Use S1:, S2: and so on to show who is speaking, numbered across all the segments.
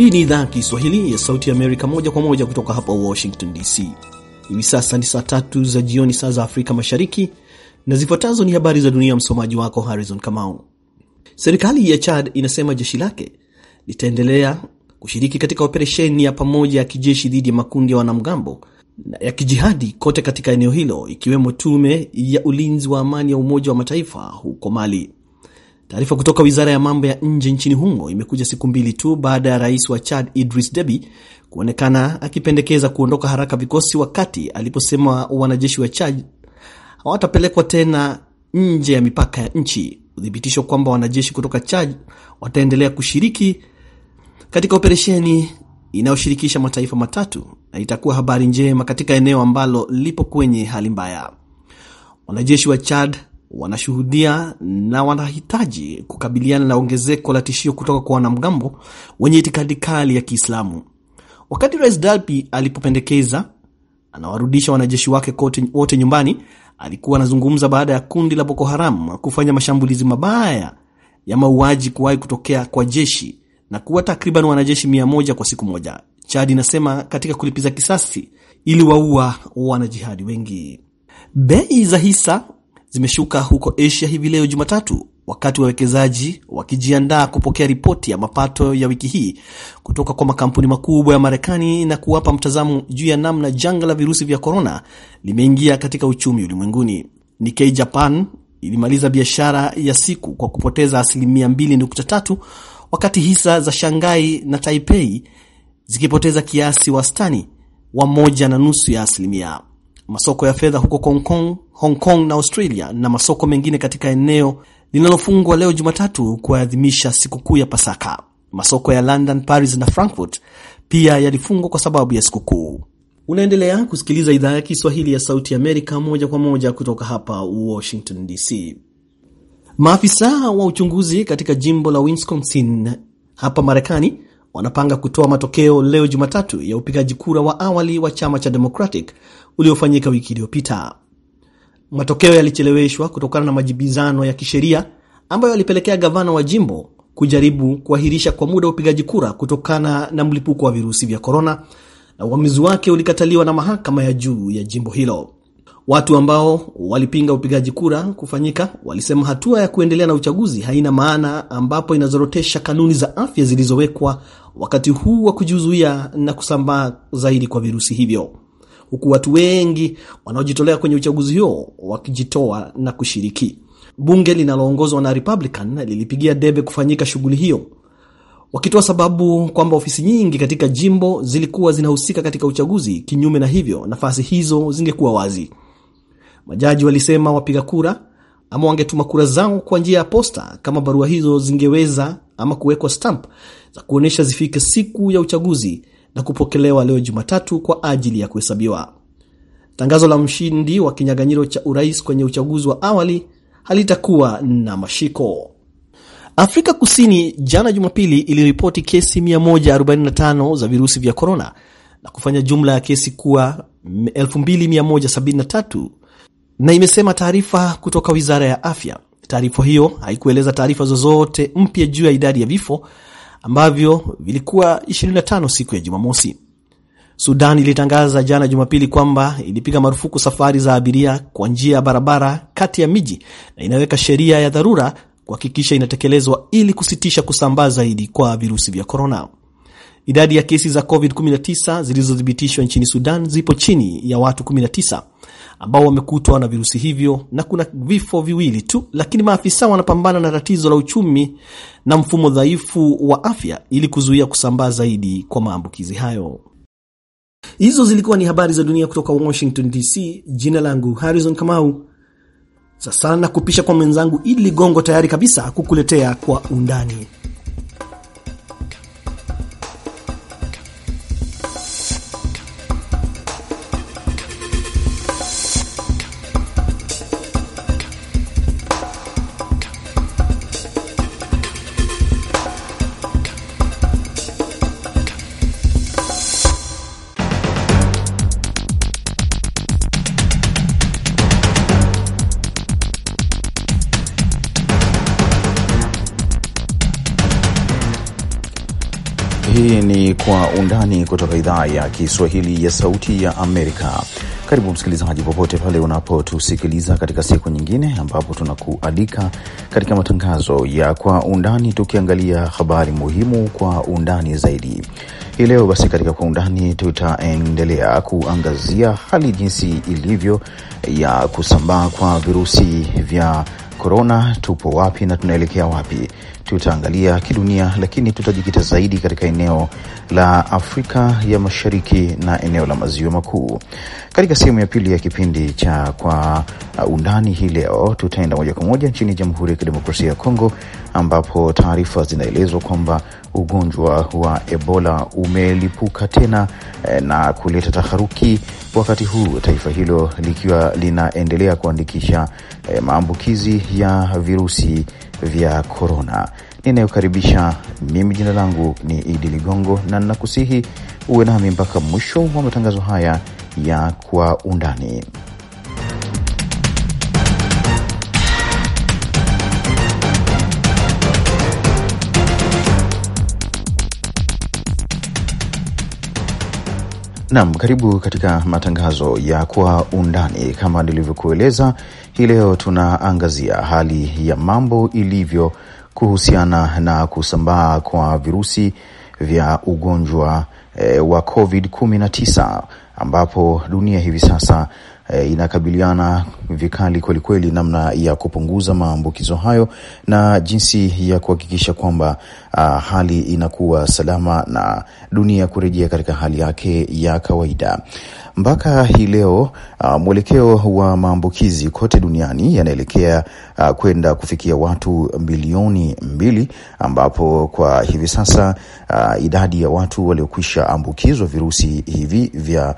S1: Hii ni idhaa ya Kiswahili ya Sauti ya Amerika, moja kwa moja kutoka hapa Washington DC. Hivi sasa ni saa tatu za jioni, saa za Afrika Mashariki, na zifuatazo ni habari za dunia. Msomaji wako Harrison Kamau. Serikali ya Chad inasema jeshi lake litaendelea kushiriki katika operesheni ya pamoja ya kijeshi dhidi ya makundi ya wanamgambo ya kijihadi kote katika eneo hilo, ikiwemo tume ya ulinzi wa amani ya Umoja wa Mataifa huko Mali. Taarifa kutoka wizara ya mambo ya nje nchini humo imekuja siku mbili tu baada ya rais wa Chad Idris Deby kuonekana akipendekeza kuondoka haraka vikosi, wakati aliposema wanajeshi wa Chad hawatapelekwa tena nje ya mipaka ya nchi, uthibitisho kwamba wanajeshi kutoka Chad wataendelea kushiriki katika operesheni inayoshirikisha mataifa matatu na itakuwa habari njema katika eneo ambalo lipo kwenye hali mbaya. Wanajeshi wa Chad wanashuhudia na wanahitaji kukabiliana na ongezeko la tishio kutoka kwa wanamgambo wenye itikadi kali ya Kiislamu. Wakati Rais Dalpi alipopendekeza anawarudisha wanajeshi wake kote wote nyumbani, alikuwa anazungumza baada ya kundi la Boko Haram kufanya mashambulizi mabaya ya mauaji kuwahi kutokea kwa jeshi na kuwa takriban wanajeshi mia moja kwa siku moja. Chad inasema katika kulipiza kisasi ili waua wanajihadi wengi. Bei za hisa zimeshuka huko Asia hivi leo Jumatatu, wakati wawekezaji wakijiandaa kupokea ripoti ya mapato ya wiki hii kutoka kwa makampuni makubwa ya Marekani na kuwapa mtazamo juu ya namna janga la virusi vya korona limeingia katika uchumi ulimwenguni. Nikkei Japan ilimaliza biashara ya siku kwa kupoteza asilimia 2.3 wakati hisa za Shanghai na Taipei zikipoteza kiasi wastani wa moja na nusu ya asilimia masoko ya fedha huko Hong Kong, Hong Kong na Australia na masoko mengine katika eneo linalofungwa leo Jumatatu kuadhimisha sikukuu ya Pasaka. Masoko ya London, Paris na Frankfurt pia yalifungwa kwa sababu ya sikukuu. Unaendelea kusikiliza idhaa ya Kiswahili ya Sauti Amerika moja kwa moja kutoka hapa Washington DC. Maafisa wa uchunguzi katika jimbo la Wisconsin hapa Marekani wanapanga kutoa matokeo leo Jumatatu ya upigaji kura wa awali wa chama cha Democratic uliofanyika wiki iliyopita. Matokeo yalicheleweshwa kutokana na majibizano ya kisheria ambayo yalipelekea gavana wa jimbo kujaribu kuahirisha kwa muda upigaji kura kutokana na mlipuko wa virusi vya korona, na uamuzi wake ulikataliwa na mahakama ya juu ya jimbo hilo. Watu ambao walipinga upigaji kura kufanyika walisema hatua ya kuendelea na uchaguzi haina maana, ambapo inazorotesha kanuni za afya zilizowekwa wakati huu wa kujizuia na kusambaa zaidi kwa virusi hivyo huku watu wengi wanaojitolea kwenye uchaguzi huo wakijitoa na kushiriki. Bunge linaloongozwa na Republican lilipigia debe kufanyika shughuli hiyo, wakitoa sababu kwamba ofisi nyingi katika jimbo zilikuwa zinahusika katika uchaguzi. Kinyume na hivyo, nafasi hizo zingekuwa wazi. Majaji walisema wapiga kura ama wangetuma kura zao kwa njia ya posta kama barua hizo zingeweza ama kuwekwa stamp za kuonyesha zifike siku ya uchaguzi na kupokelewa leo Jumatatu kwa ajili ya kuhesabiwa. Tangazo la mshindi wa kinyaganyiro cha urais kwenye uchaguzi wa awali halitakuwa na mashiko. Afrika Kusini jana Jumapili iliripoti kesi 145 za virusi vya korona na kufanya jumla ya kesi kuwa 2173 na imesema taarifa kutoka wizara ya afya. Taarifa hiyo haikueleza taarifa zozote mpya juu ya idadi ya vifo ambavyo vilikuwa 25 siku ya Jumamosi. Sudan ilitangaza jana Jumapili kwamba ilipiga marufuku safari za abiria kwa njia ya barabara kati ya miji na inaweka sheria ya dharura kuhakikisha inatekelezwa ili kusitisha kusambaa zaidi kwa virusi vya korona. Idadi ya kesi za COVID-19 zilizothibitishwa nchini Sudan zipo chini ya watu 19 ambao wamekutwa na virusi hivyo na kuna vifo viwili tu, lakini maafisa wanapambana na tatizo la uchumi na mfumo dhaifu wa afya ili kuzuia kusambaa zaidi kwa maambukizi hayo. Hizo zilikuwa ni habari za dunia kutoka Washington DC. Jina langu Harrison Kamau. Sasa na kupisha kwa mwenzangu Idi Ligongo, tayari kabisa kukuletea kwa undani
S2: Undani kutoka idhaa ya Kiswahili ya Sauti ya Amerika. Karibu msikilizaji, popote pale unapotusikiliza katika siku nyingine, ambapo tunakualika katika matangazo ya Kwa Undani, tukiangalia habari muhimu kwa undani zaidi. Hii leo basi, katika Kwa Undani tutaendelea kuangazia hali jinsi ilivyo ya kusambaa kwa virusi vya korona, tupo wapi na tunaelekea wapi? Tutaangalia kidunia, lakini tutajikita zaidi katika eneo la Afrika ya Mashariki na eneo la Maziwa Makuu. Katika sehemu ya pili ya kipindi cha Kwa Undani hii leo, tutaenda moja kwa moja nchini Jamhuri ya Kidemokrasia ya Kongo, ambapo taarifa zinaelezwa kwamba ugonjwa wa Ebola umelipuka tena eh, na kuleta taharuki wakati huu taifa hilo likiwa linaendelea kuandikisha eh, maambukizi ya virusi vya korona. Ninayokaribisha mimi, jina langu ni Idi Ligongo, na nakusihi uwe nami mpaka mwisho wa matangazo haya ya kwa undani. Naam, karibu katika matangazo ya kwa undani. Kama nilivyokueleza, hii leo tunaangazia hali ya mambo ilivyo kuhusiana na kusambaa kwa virusi vya ugonjwa e, wa COVID-19 ambapo dunia hivi sasa e, inakabiliana vikali kwelikweli, namna ya kupunguza maambukizo hayo na jinsi ya kuhakikisha kwamba uh, hali inakuwa salama na dunia kurejea katika hali yake ya kawaida. Mpaka hii leo uh, mwelekeo wa maambukizi kote duniani yanaelekea uh, kwenda kufikia watu bilioni mbili, ambapo kwa hivi sasa uh, idadi ya watu waliokwisha ambukizwa virusi hivi vya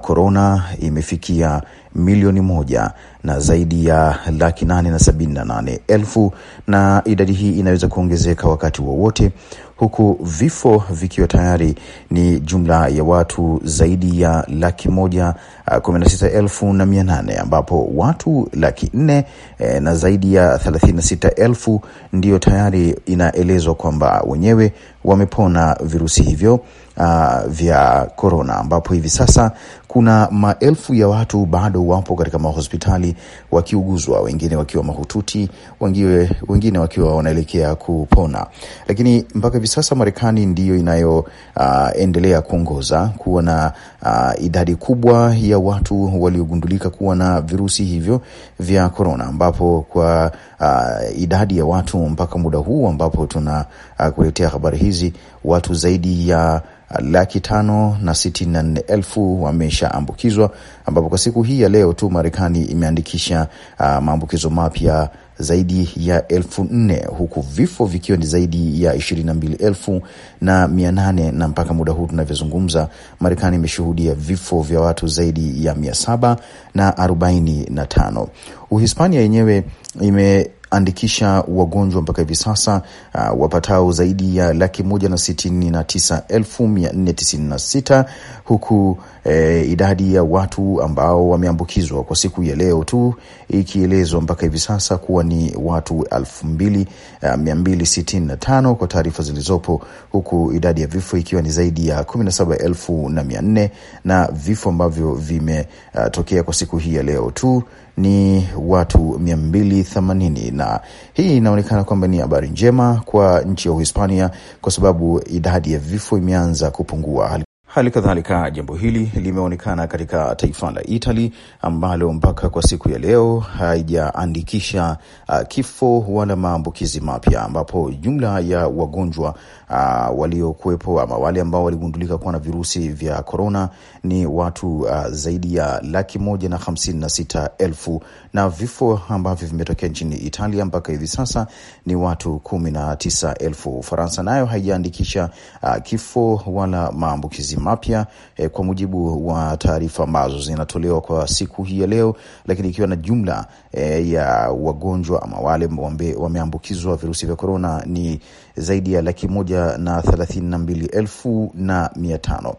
S2: korona uh, imefikia milioni moja na zaidi ya laki nane na sabini na nane elfu na idadi hii inaweza kuongezeka wakati wowote wa huku vifo vikiwa tayari ni jumla ya watu zaidi ya laki moja ah, kumi na sita elfu na mia nane ambapo watu laki nne e, na zaidi ya thelathini na sita elfu ndiyo tayari inaelezwa kwamba wenyewe wamepona virusi hivyo Uh, vya korona ambapo hivi sasa kuna maelfu ya watu bado wapo katika mahospitali wakiuguzwa, wengine wakiwa mahututi, wengine, wengine wakiwa wanaelekea kupona. Lakini mpaka hivi sasa Marekani ndiyo inayoendelea ah, uh, kuongoza kuwa na uh, idadi kubwa ya watu waliogundulika kuwa na virusi hivyo vya korona, ambapo kwa uh, idadi ya watu mpaka muda huu ambapo tuna uh, kuletea habari hizi watu zaidi ya uh, laki tano na sitini na nne elfu wamesha wameshaambukizwa, ambapo kwa siku hii ya leo tu Marekani imeandikisha uh, maambukizo mapya zaidi ya elfu nne huku vifo vikiwa ni zaidi ya ishirini na mbili elfu na mia nane na mpaka muda huu tunavyozungumza, Marekani imeshuhudia vifo vya watu zaidi ya mia saba na arobaini na tano. Uhispania yenyewe ime kuandikisha wagonjwa mpaka hivi sasa uh, wapatao zaidi ya laki moja na sitini na tisa elfu mia nne tisini na sita huku eh, idadi ya watu ambao wameambukizwa kwa siku ya leo tu ikielezwa mpaka hivi sasa kuwa ni watu elfu mbili uh, mia mbili sitini na tano kwa taarifa zilizopo, huku idadi ya vifo ikiwa ni zaidi ya kumi na saba elfu na mia nne na vifo ambavyo vimetokea uh, kwa siku hii ya leo tu ni watu 280 na hii inaonekana kwamba ni habari njema kwa nchi ya Uhispania kwa sababu idadi ya vifo imeanza kupungua. Hali kadhalika jambo hili limeonekana katika taifa la Itali ambalo mpaka kwa siku ya leo haijaandikisha uh, kifo wala maambukizi mapya, ambapo jumla ya wagonjwa uh, waliokuwepo ama wale ambao waligundulika kuwa na virusi vya korona ni watu uh, zaidi ya laki moja na hamsini na sita elfu na vifo ambavyo vimetokea nchini Italia mpaka hivi sasa ni watu kumi na tisa elfu. Ufaransa nayo haijaandikisha uh, kifo wala maambukizi mapya eh, kwa mujibu wa taarifa ambazo zinatolewa kwa siku hii ya leo, lakini ikiwa na jumla eh, ya wagonjwa ama wale wameambukizwa virusi vya korona ni zaidi ya laki moja na thelathini na mbili elfu na mia tano.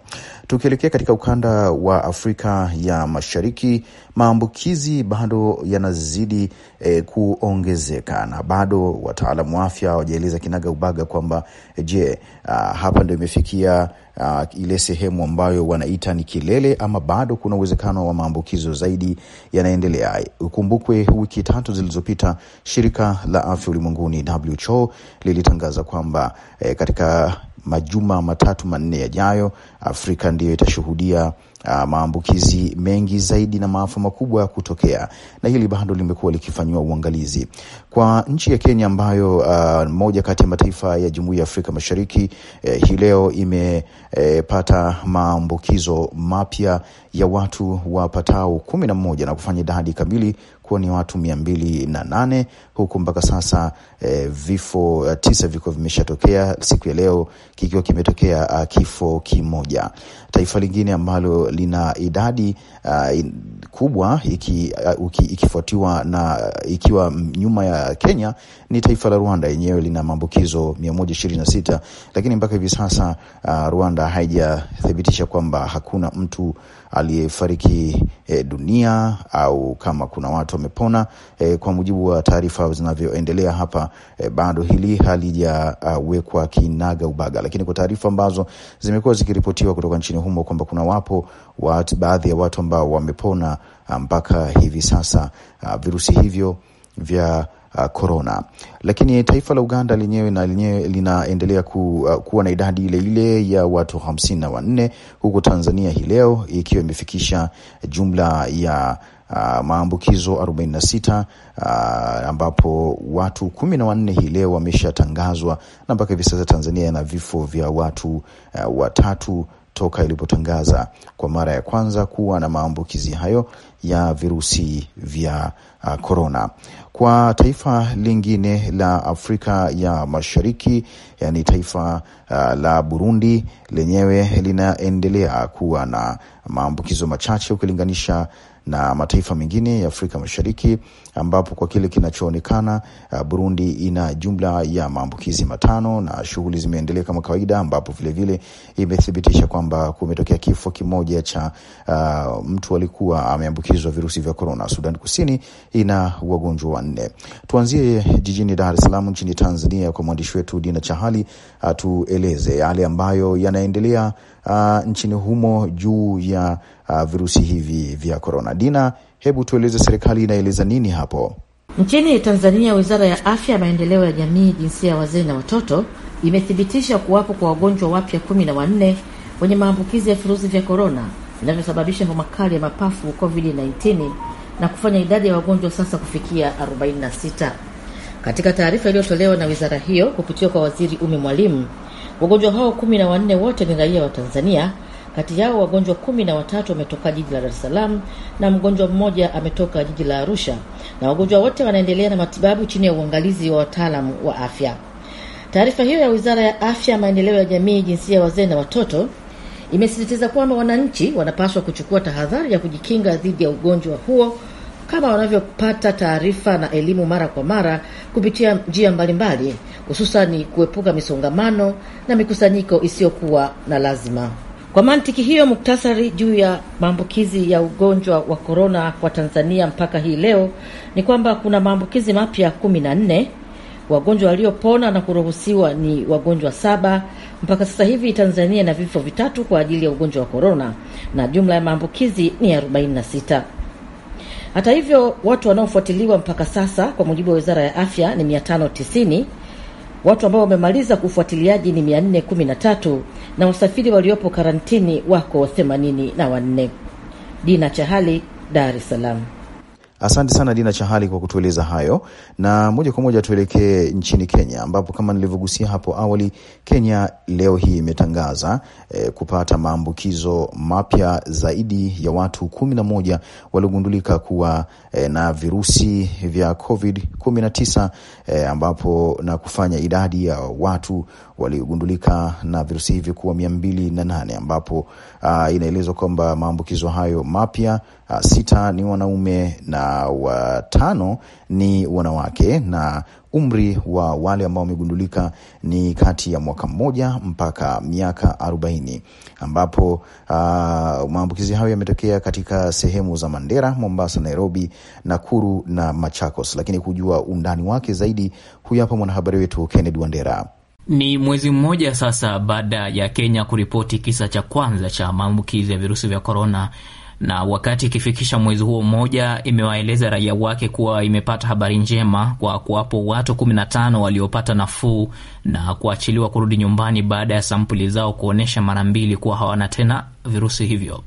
S2: Tukielekea katika ukanda wa Afrika ya Mashariki, maambukizi bado yanazidi e, kuongezeka na bado wataalamu wa afya hawajaeleza kinaga ubaga kwamba eh, je, ah, hapa ndio imefikia uh, ile sehemu ambayo wanaita ni kilele, ama bado kuna uwezekano wa maambukizo zaidi yanaendelea. Ukumbukwe wiki tatu zilizopita shirika la afya ulimwenguni WHO lilitangaza kwamba eh, katika majuma matatu manne yajayo, Afrika ndiyo itashuhudia uh, maambukizi mengi zaidi na maafa makubwa ya kutokea, na hili bado limekuwa likifanyiwa uangalizi kwa nchi ya Kenya ambayo uh, moja kati ya mataifa ya Jumuiya ya Afrika Mashariki eh, hii leo imepata eh, maambukizo mapya ya watu wapatao kumi na moja na kufanya idadi kamili kuwa ni watu mia mbili na nane huku mpaka sasa e, vifo eh, tisa vikiwa vimeshatokea, siku ya leo kikiwa kimetokea eh, kifo kimoja. Taifa lingine ambalo lina idadi a, in, kubwa iki, uh, uki, ikifuatiwa na ikiwa nyuma ya Kenya ni taifa la Rwanda, yenyewe lina maambukizo 126 lakini mpaka hivi sasa uh, Rwanda haijathibitisha kwamba hakuna mtu aliyefariki e, dunia au kama kuna watu wamepona. E, kwa mujibu wa taarifa zinavyoendelea hapa e, bado hili halijawekwa uh, kinaga ubaga, lakini kwa taarifa ambazo zimekuwa zikiripotiwa kutoka nchini humo kwamba kuna wapo wat, baadhi ya watu ambao wamepona ah, mpaka hivi sasa uh, virusi hivyo vya korona. Uh, lakini taifa la Uganda lenyewe na lenyewe linaendelea ku, uh, kuwa na idadi ile ile ya watu hamsini na wanne huku Tanzania hii leo ikiwa imefikisha jumla ya Uh, maambukizo 46 uh, ambapo watu kumi na wanne hii leo wameshatangazwa na mpaka hivi sasa Tanzania ina vifo vya watu uh, watatu toka ilipotangaza kwa mara ya kwanza kuwa na maambukizi hayo ya virusi vya korona. Uh, kwa taifa lingine la Afrika ya Mashariki, yani taifa uh, la Burundi lenyewe linaendelea kuwa na maambukizo machache ukilinganisha na mataifa mengine ya Afrika Mashariki ambapo kwa kile kinachoonekana uh, Burundi ina jumla ya maambukizi matano na shughuli zimeendelea kama kawaida, ambapo vilevile imethibitisha kwamba kumetokea kifo kimoja cha uh, mtu alikuwa ameambukizwa virusi vya korona. Sudan Kusini ina wagonjwa wanne. Tuanzie jijini Dar es Salaam nchini Tanzania kwa mwandishi wetu Dina Chahali atueleze uh, yale ambayo yanaendelea uh, nchini humo juu ya uh, virusi hivi vya korona. Dina, Hebu tueleze serikali inaeleza nini hapo?
S3: Nchini Tanzania, wizara ya afya ya maendeleo ya jamii, jinsia ya wazee na watoto imethibitisha kuwapo kwa wagonjwa wapya kumi na wanne wenye maambukizi ya virusi vya korona vinavyosababisha homa kali ya mapafu COVID-19 na kufanya idadi ya wagonjwa sasa kufikia 46. Katika taarifa iliyotolewa na wizara hiyo kupitia kwa waziri Umi Mwalimu, wagonjwa hao kumi na wanne wote ni raia wa Tanzania kati yao wagonjwa kumi na watatu wametoka jiji la Dar es Salaam na mgonjwa mmoja ametoka jiji la Arusha, na wagonjwa wote wanaendelea na matibabu chini ya uangalizi wa wataalam wa afya. Taarifa hiyo ya Wizara ya Afya, Maendeleo ya Jamii, Jinsia ya Wazee na Watoto imesisitiza kwamba wananchi wanapaswa kuchukua tahadhari ya kujikinga dhidi ya ugonjwa huo kama wanavyopata taarifa na elimu mara kwa mara kupitia njia mbalimbali, hususani kuepuka misongamano na mikusanyiko isiyokuwa na lazima. Kwa mantiki hiyo, muktasari juu ya maambukizi ya ugonjwa wa korona kwa Tanzania mpaka hii leo ni kwamba kuna maambukizi mapya kumi na nne. Wagonjwa waliopona na kuruhusiwa ni wagonjwa saba. Mpaka sasa hivi Tanzania ina vifo vitatu kwa ajili ya ugonjwa wa korona na jumla ya maambukizi ni 46. Hata hivyo, watu wanaofuatiliwa mpaka sasa kwa mujibu wa Wizara ya Afya ni 590 Watu ambao wamemaliza ufuatiliaji ni 413 na wasafiri waliopo karantini wako 84. Dina Chahali, Dar es Salaam.
S2: Asante sana Dina Chahali kwa kutueleza hayo, na moja kwa moja tuelekee nchini Kenya, ambapo kama nilivyogusia hapo awali, Kenya leo hii imetangaza eh, kupata maambukizo mapya zaidi ya watu kumi na moja waliogundulika kuwa eh, na virusi vya COVID 19 e, ambapo na kufanya idadi ya watu waliogundulika na virusi hivyo kuwa mia mbili na nane ambapo inaelezwa kwamba maambukizo hayo mapya sita ni wanaume na watano ni wanawake na umri wa wale ambao wamegundulika ni kati ya mwaka mmoja mpaka miaka arobaini ambapo uh, maambukizi hayo yametokea katika sehemu za Mandera, Mombasa, Nairobi, Nakuru na Machakos. Lakini kujua undani wake zaidi, huyu hapa mwanahabari wetu kenned Wandera.
S4: Ni mwezi mmoja sasa baada ya Kenya kuripoti kisa cha kwanza cha maambukizi ya virusi vya korona na wakati ikifikisha mwezi huo mmoja, imewaeleza raia wake kuwa imepata habari njema kwa kuwapo watu 15 waliopata nafuu na kuachiliwa kurudi nyumbani baada ya sampuli zao kuonyesha mara mbili kuwa hawana tena virusi hivyo.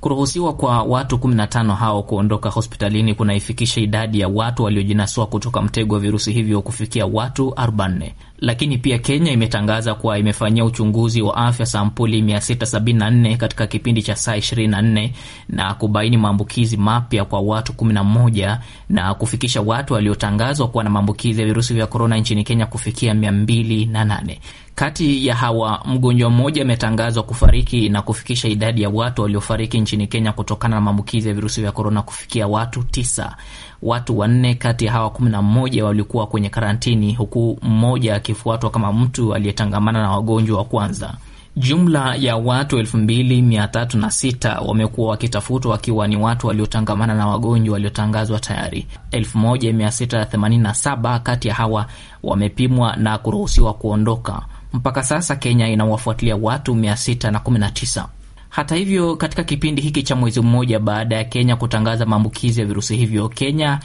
S4: Kuruhusiwa kwa watu 15 hao kuondoka hospitalini kunaifikisha idadi ya watu waliojinasua kutoka mtego wa virusi hivyo kufikia watu 40. Lakini pia Kenya imetangaza kuwa imefanyia uchunguzi wa afya sampuli 674 katika kipindi cha saa 24 na kubaini maambukizi mapya kwa watu 11 na kufikisha watu waliotangazwa kuwa na maambukizi ya virusi vya korona nchini Kenya kufikia 208. Kati ya hawa mgonjwa mmoja ametangazwa kufariki na kufikisha idadi ya watu waliofariki nchini Kenya kutokana na maambukizi ya virusi vya korona kufikia watu tisa. Watu wanne kati ya hawa 11 walikuwa kwenye karantini huku mmoja akifuatwa kama mtu aliyetangamana na wagonjwa wa kwanza. Jumla ya watu 2306 wamekuwa wakitafutwa wakiwa ni watu waliotangamana na wagonjwa waliotangazwa tayari. 1687 kati ya hawa wamepimwa na kuruhusiwa kuondoka. Mpaka sasa Kenya inawafuatilia watu 619. Hata hivyo, katika kipindi hiki cha mwezi mmoja baada ya Kenya kutangaza maambukizi ya virusi hivyo, Kenya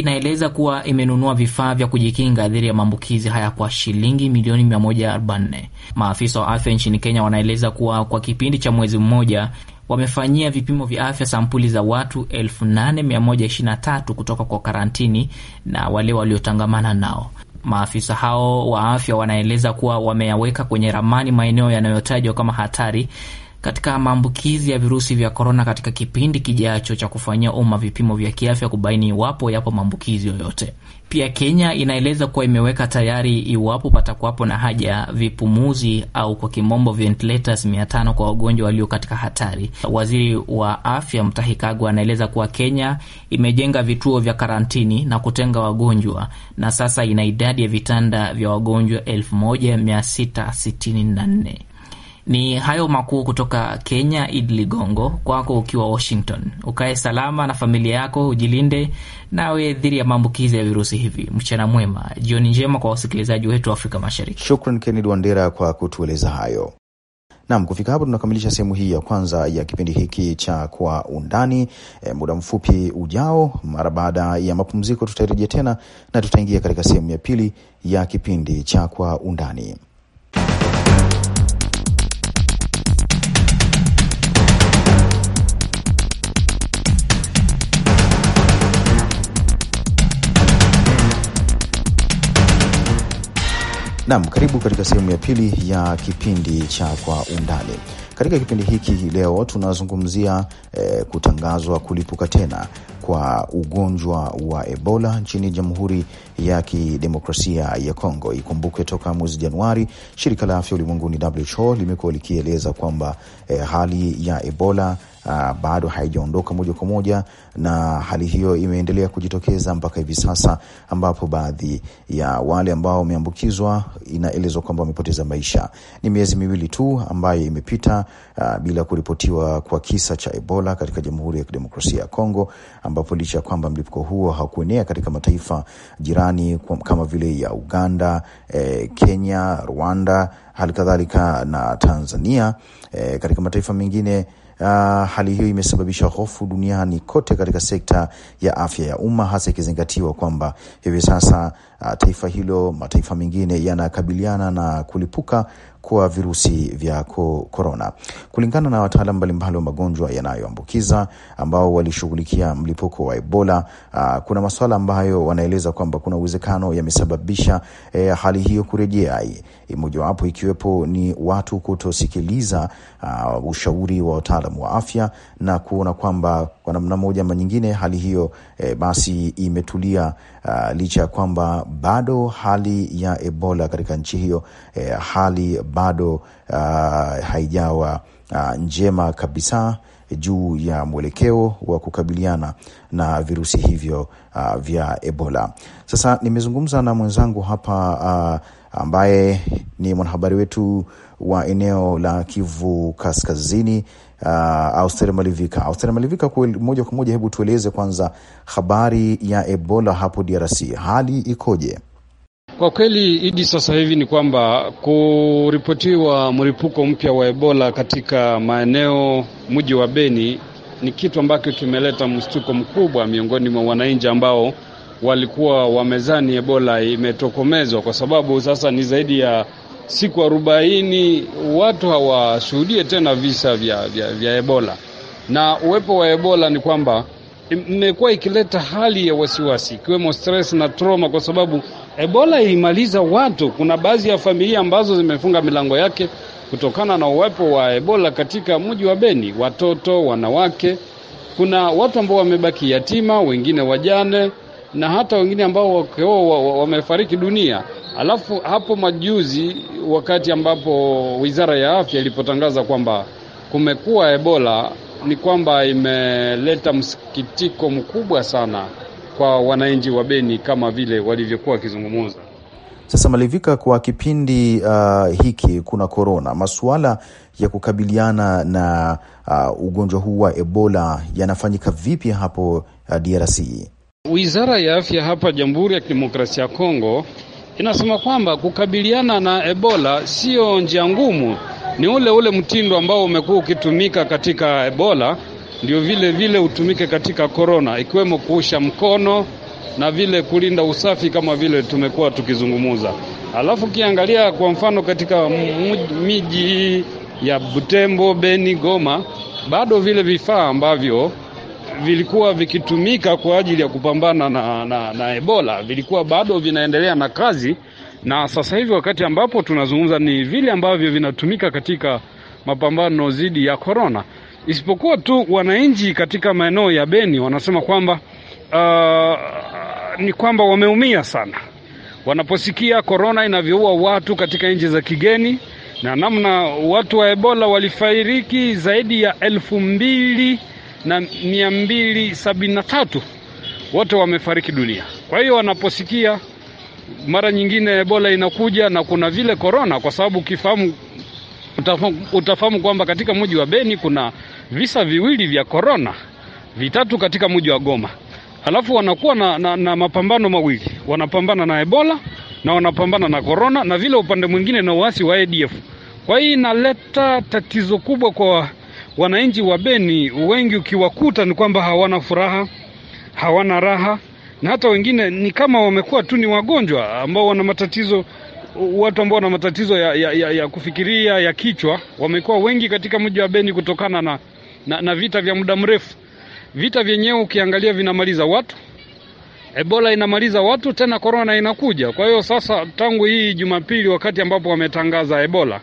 S4: inaeleza kuwa imenunua vifaa vya kujikinga dhidi ya maambukizi haya kwa shilingi milioni 144. Maafisa wa afya nchini Kenya wanaeleza kuwa kwa kipindi cha mwezi mmoja wamefanyia vipimo vya afya sampuli za watu 8123 kutoka kwa karantini na wale waliotangamana nao. Maafisa hao wa afya wanaeleza kuwa wameyaweka kwenye ramani maeneo yanayotajwa kama hatari katika maambukizi ya virusi vya korona katika kipindi kijacho cha kufanyia umma vipimo vya kiafya kubaini iwapo yapo maambukizi yoyote. Pia Kenya inaeleza kuwa imeweka tayari iwapo patakuwapo na haja vipumuzi au kwa kimombo ventilators mia tano kwa wagonjwa walio katika hatari. Waziri wa afya Mutahi Kagwe anaeleza kuwa Kenya imejenga vituo vya karantini na kutenga wagonjwa na sasa ina idadi ya vitanda vya wagonjwa elfu moja mia sita sitini na nne. Ni hayo makuu kutoka Kenya. Id Ligongo, kwako ukiwa Washington. Ukae salama na familia yako, ujilinde nawe dhiri ya maambukizi ya virusi hivi. Mchana mwema, jioni njema kwa wasikilizaji wetu wa Afrika Mashariki.
S2: Shukran Kennedy Wandera kwa kutueleza hayo. Nam, kufika hapo tunakamilisha sehemu hii ya kwanza ya kipindi hiki cha Kwa Undani. E, muda mfupi ujao, mara baada ya mapumziko, tutarejea tena na tutaingia katika sehemu ya pili ya kipindi cha Kwa Undani. Naam, karibu katika sehemu ya pili ya kipindi cha Kwa Undani. Katika kipindi hiki leo tunazungumzia eh, kutangazwa kulipuka tena kwa ugonjwa wa Ebola nchini Jamhuri ya Kidemokrasia ya Kongo. Ikumbukwe toka mwezi Januari, shirika la afya ulimwenguni WHO limekuwa likieleza kwamba eh, hali ya Ebola Ah, bado haijaondoka moja kwa moja, na hali hiyo imeendelea kujitokeza mpaka hivi sasa, ambapo baadhi ya wale ambao wameambukizwa inaelezwa kwamba wamepoteza maisha. Ni miezi miwili tu ambayo imepita uh, bila kuripotiwa kwa kisa cha Ebola katika Jamhuri ya Kidemokrasia ya Kongo, ambapo licha ya kwamba mlipuko huo hakuenea katika mataifa jirani kama vile ya Uganda, eh, Kenya, Rwanda, hali kadhalika na Tanzania, eh, katika mataifa mengine Uh, hali hiyo imesababisha hofu duniani kote katika sekta ya afya ya umma hasa ikizingatiwa kwamba hivi sasa Ah, taifa hilo, mataifa mengine yanakabiliana na kulipuka kwa virusi vya korona. Kulingana na wataalam mbalimbali wa magonjwa yanayoambukiza ambao walishughulikia mlipuko wa Ebola, uh, kuna masuala ambayo wanaeleza kwamba kuna uwezekano yamesababisha eh, hali hiyo kurejea, mojawapo ikiwepo ni watu kutosikiliza uh, ushauri wa wataalam wa afya na kuona kwamba kwa namna moja ama nyingine, hali hiyo e, basi imetulia uh, licha ya kwamba bado hali ya Ebola katika nchi hiyo e, hali bado uh, haijawa uh, njema kabisa juu ya mwelekeo wa kukabiliana na virusi hivyo uh, vya Ebola. Sasa nimezungumza na mwenzangu hapa uh, ambaye ni mwanahabari wetu wa eneo la Kivu Kaskazini uh, Austeri Malivika. Austeri Malivika, moja kwa moja, hebu tueleze kwanza habari ya Ebola hapo DRC, hali ikoje?
S5: Kwa kweli hidi sasa hivi ni kwamba kuripotiwa mlipuko mpya wa Ebola katika maeneo mji wa Beni ni kitu ambacho kimeleta mshtuko mkubwa miongoni mwa wananchi ambao walikuwa wamezani Ebola imetokomezwa, kwa sababu sasa ni zaidi ya siku arobaini watu hawashuhudie tena visa vya, vya, vya Ebola. Na uwepo wa Ebola ni kwamba imekuwa ikileta hali ya wasiwasi ikiwemo stress na trauma, kwa sababu Ebola ilimaliza watu. Kuna baadhi ya familia ambazo zimefunga milango yake kutokana na uwepo wa Ebola katika mji wa Beni, watoto, wanawake, kuna watu ambao wamebaki yatima, wengine wajane na hata wengine ambao wakeo wamefariki dunia. Alafu hapo majuzi, wakati ambapo Wizara ya Afya ilipotangaza kwamba kumekuwa Ebola, ni kwamba imeleta msikitiko mkubwa sana kwa wananchi wa Beni kama vile walivyokuwa wakizungumza.
S2: Sasa Malivika, kwa kipindi uh, hiki kuna korona, masuala ya kukabiliana na uh, ugonjwa huu wa Ebola yanafanyika vipi hapo uh, DRC?
S5: Wizara ya afya hapa Jamhuri ya Kidemokrasia ya Kongo inasema kwamba kukabiliana na Ebola sio njia ngumu, ni ule ule mtindo ambao umekuwa ukitumika katika Ebola ndio vile vile utumike katika korona, ikiwemo kuosha mkono na vile kulinda usafi kama vile tumekuwa tukizungumuza. Alafu ukiangalia kwa mfano katika miji ya Butembo, Beni, Goma bado vile vifaa ambavyo vilikuwa vikitumika kwa ajili ya kupambana na, na, na Ebola vilikuwa bado vinaendelea na kazi, na sasa hivi wakati ambapo tunazungumza ni vile ambavyo vinatumika katika mapambano dhidi ya korona, isipokuwa tu wananchi katika maeneo ya Beni wanasema kwamba uh, ni kwamba wameumia sana wanaposikia korona inavyoua watu katika nchi za kigeni na namna watu wa Ebola walifariki zaidi ya elfu mbili na mia mbili sabini na tatu wote wamefariki dunia. Kwa hiyo wanaposikia mara nyingine Ebola inakuja na kuna vile korona, kwa sababu ukifahamu utafahamu kwamba katika mji wa Beni kuna visa viwili vya korona, vitatu katika mji wa Goma, alafu wanakuwa na, na, na mapambano mawili, wanapambana na Ebola na wanapambana na korona, na vile upande mwingine na uasi wa ADF. Kwa hiyo inaleta tatizo kubwa kwa wananchi wa Beni wengi ukiwakuta ni kwamba hawana furaha, hawana raha, na hata wengine ni kama wamekuwa tu ni wagonjwa ambao wana matatizo, watu ambao wana matatizo ya, ya, ya, ya kufikiria ya kichwa wamekuwa wengi katika mji wa Beni kutokana na, na, na vita vya muda mrefu. Vita vyenyewe ukiangalia vinamaliza watu, Ebola inamaliza watu, tena korona inakuja. Kwa hiyo sasa, tangu hii Jumapili wakati ambapo wametangaza Ebola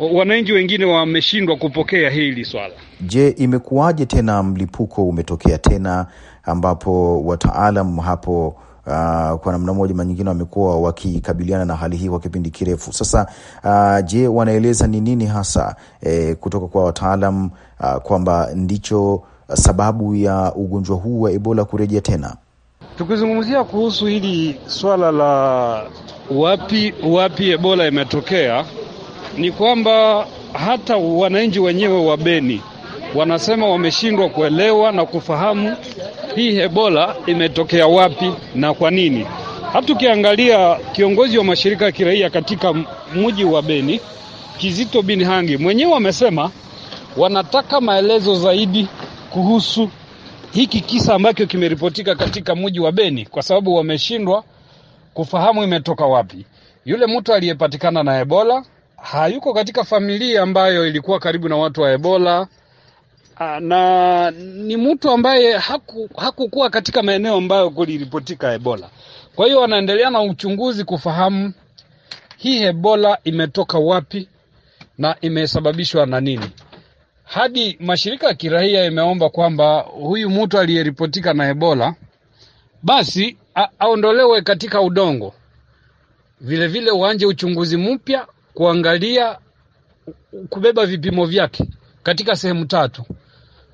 S5: wananchi wengine wameshindwa kupokea hili swala.
S2: Je, imekuwaje tena mlipuko umetokea tena, ambapo wataalam hapo Uh, kwa namna moja manyingine wamekuwa wakikabiliana na hali hii kwa kipindi kirefu sasa. Uh, je, wanaeleza ni nini hasa eh, kutoka kwa wataalam uh, kwamba ndicho sababu ya ugonjwa huu wa Ebola kurejea tena?
S5: Tukizungumzia kuhusu hili swala la wapi wapi Ebola imetokea ni kwamba hata wananchi wenyewe wa Beni wanasema wameshindwa kuelewa na kufahamu hii Ebola imetokea wapi na kwa nini. Hata ukiangalia kiongozi wa mashirika ya kiraia katika mji wa Beni, Kizito Binhangi mwenyewe wamesema wanataka maelezo zaidi kuhusu hiki kisa ambacho kimeripotika katika mji wa Beni, kwa sababu wameshindwa kufahamu imetoka wapi. Yule mtu aliyepatikana na Ebola hayuko katika familia ambayo ilikuwa karibu na watu wa Ebola ah, na ni mtu ambaye haku, hakukuwa katika maeneo ambayo kuliripotika Ebola. Kwa hiyo wanaendelea na uchunguzi kufahamu hii Ebola imetoka wapi na imesababishwa na nini. Hadi mashirika ya kiraia imeomba kwamba huyu mtu aliyeripotika na Ebola basi aondolewe katika udongo, vilevile uanje uchunguzi mpya kuangalia kubeba vipimo vyake katika sehemu tatu.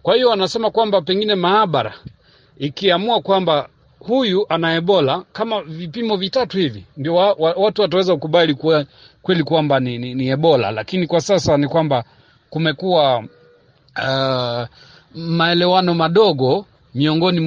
S5: Kwa hiyo wanasema kwamba pengine maabara ikiamua kwamba huyu ana Ebola kama vipimo vitatu hivi, ndio wa, wa, watu wataweza kukubali kuwa, kweli kwamba ni, ni, ni Ebola. Lakini kwa sasa ni kwamba kumekuwa uh, maelewano madogo miongoni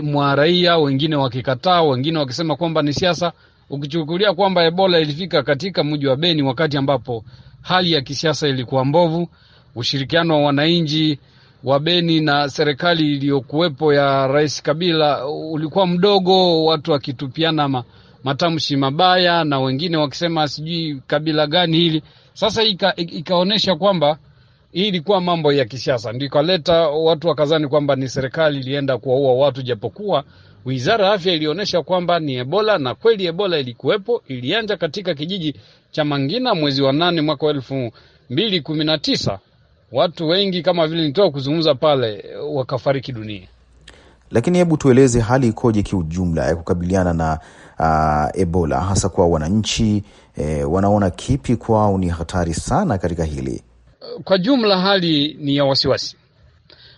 S5: mwa raia, wengine wakikataa, wengine wakisema kwamba ni siasa ukichukulia kwamba Ebola ilifika katika mji wa Beni wakati ambapo hali ya kisiasa ilikuwa mbovu, ushirikiano wa wananchi wa Beni na serikali iliyokuwepo ya Rais Kabila ulikuwa mdogo, watu wakitupiana matamshi mabaya na wengine wakisema sijui kabila gani hili. Sasa ika, ikaonyesha kwamba hii ilikuwa mambo ya kisiasa, ndio ikaleta watu wakazani kwamba ni serikali ilienda kuwaua watu, japokuwa Wizara ya afya ilionyesha kwamba ni Ebola, na kweli Ebola ilikuwepo. Ilianja katika kijiji cha Mangina mwezi wa nane mwaka wa elfu mbili kumi na tisa. Watu wengi kama vile nitoka kuzungumza pale wakafariki dunia.
S2: Lakini hebu tueleze hali ikoje kiujumla ya kukabiliana na uh, Ebola hasa kwa wananchi eh, wanaona kipi kwao ni hatari sana katika hili?
S5: Kwa jumla hali ni ya wasiwasi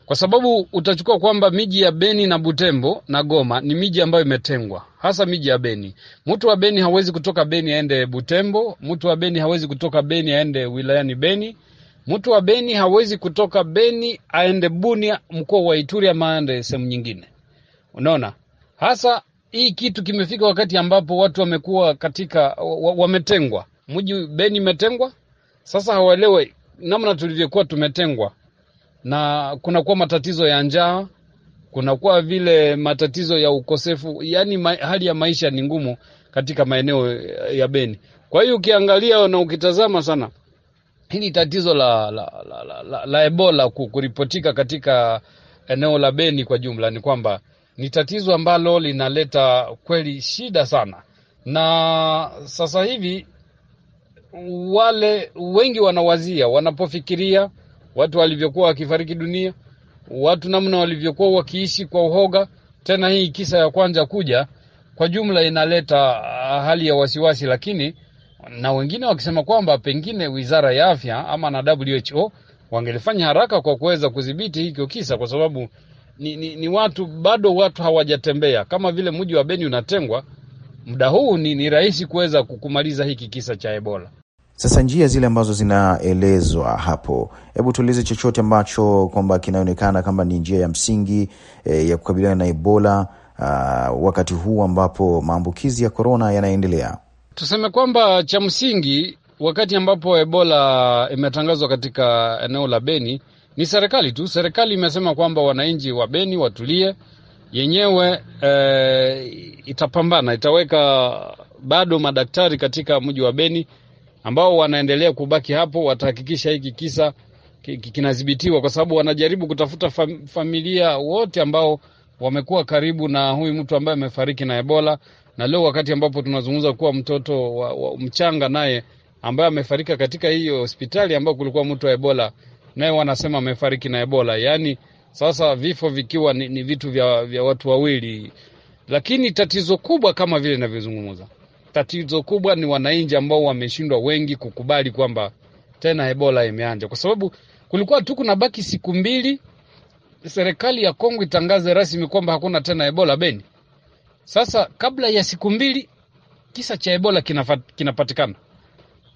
S5: kwa sababu utachukua kwamba miji ya Beni na Butembo na Goma ni miji ambayo imetengwa, hasa miji ya Beni. Mtu wa Beni hawezi kutoka Beni aende Butembo, mtu wa Beni hawezi kutoka Beni aende wilayani Beni, mtu wa Beni hawezi kutoka Beni aende Bunia, mkoa wa Ituri, ama aende sehemu nyingine. Unaona, hasa hii kitu kimefika wakati ambapo watu wamekuwa katika wametengwa, mji Beni imetengwa. Sasa hawaelewe namna tulivyokuwa tumetengwa na kunakuwa matatizo ya njaa, kunakuwa vile matatizo ya ukosefu, yaani ma, hali ya maisha ni ngumu katika maeneo ya Beni. Kwa hiyo ukiangalia na ukitazama sana hili tatizo la, la, la, la, la, la Ebola kuripotika katika eneo la Beni kwa jumla ni kwamba ni tatizo ambalo linaleta kweli shida sana, na sasa hivi wale wengi wanawazia wanapofikiria watu walivyokuwa wakifariki dunia, watu namna walivyokuwa wakiishi kwa uhoga. Tena hii kisa ya kwanza kuja kwa jumla inaleta ah, hali ya wasiwasi, lakini na wengine wakisema kwamba pengine wizara ya afya ama na WHO wangelifanya haraka kwa kuweza kudhibiti hiko kisa, kwa sababu ni, ni, ni watu bado watu hawajatembea. Kama vile mji wa Beni unatengwa muda huu, ni, ni rahisi kuweza kumaliza hiki kisa cha Ebola.
S2: Sasa njia zile ambazo zinaelezwa hapo, hebu tueleze chochote ambacho kwamba kinaonekana kama ni njia ya msingi e, ya kukabiliana na Ebola a, ah, wakati huu ambapo maambukizi ya korona yanaendelea.
S5: Tuseme kwamba cha msingi wakati ambapo Ebola imetangazwa katika eneo la Beni ni serikali tu. Serikali imesema kwamba wananchi wa Beni watulie, yenyewe e, itapambana, itaweka bado madaktari katika mji wa Beni ambao wanaendelea kubaki hapo watahakikisha hiki kisa kinadhibitiwa, kwa sababu wanajaribu kutafuta fam, familia wote ambao wamekuwa karibu na huyu mtu ambaye amefariki na Ebola. Na leo wakati ambapo tunazungumza kuwa mtoto wa, wa, mchanga naye ambaye amefarika katika hiyo hospitali ambayo kulikuwa mtu wa Ebola, naye wanasema amefariki na Ebola. Yaani sasa vifo vikiwa ni, ni vitu vya, vya watu wawili, lakini tatizo kubwa kama vile inavyozungumza tatizo kubwa ni wananchi ambao wameshindwa wengi kukubali kwamba tena Ebola imeanja, kwa sababu kulikuwa tu kuna baki siku mbili serikali ya Kongo itangaze rasmi kwamba hakuna tena Ebola Beni. Sasa kabla ya siku mbili kisa cha Ebola kinapatikana,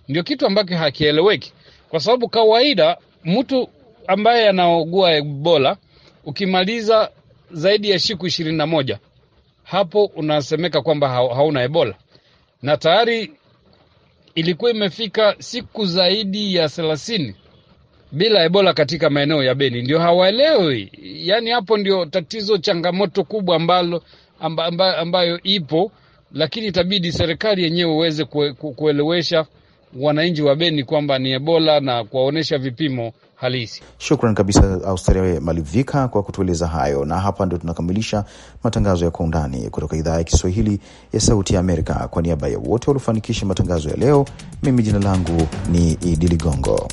S5: ndio kitu ambacho hakieleweki, kwa sababu kawaida mtu ambaye anaugua Ebola ukimaliza zaidi ya siku ishirini na moja hapo unasemeka kwamba hauna Ebola na tayari ilikuwa imefika siku zaidi ya thelathini bila Ebola katika maeneo ya Beni. Ndio hawaelewi, yaani hapo ndio tatizo, changamoto kubwa ambalo amba, amba, ambayo ipo, lakini itabidi serikali yenyewe uweze kue, kuelewesha wananchi wa Beni kwamba ni Ebola na kuwaonyesha vipimo halisi.
S2: Shukran kabisa Austeria Malivika kwa kutueleza hayo, na hapa ndio tunakamilisha matangazo ya Kwa Undani kutoka idhaa ya Kiswahili ya Sauti ya Amerika. Kwa niaba ya wote waliofanikisha matangazo ya leo, mimi jina langu ni Idi Ligongo.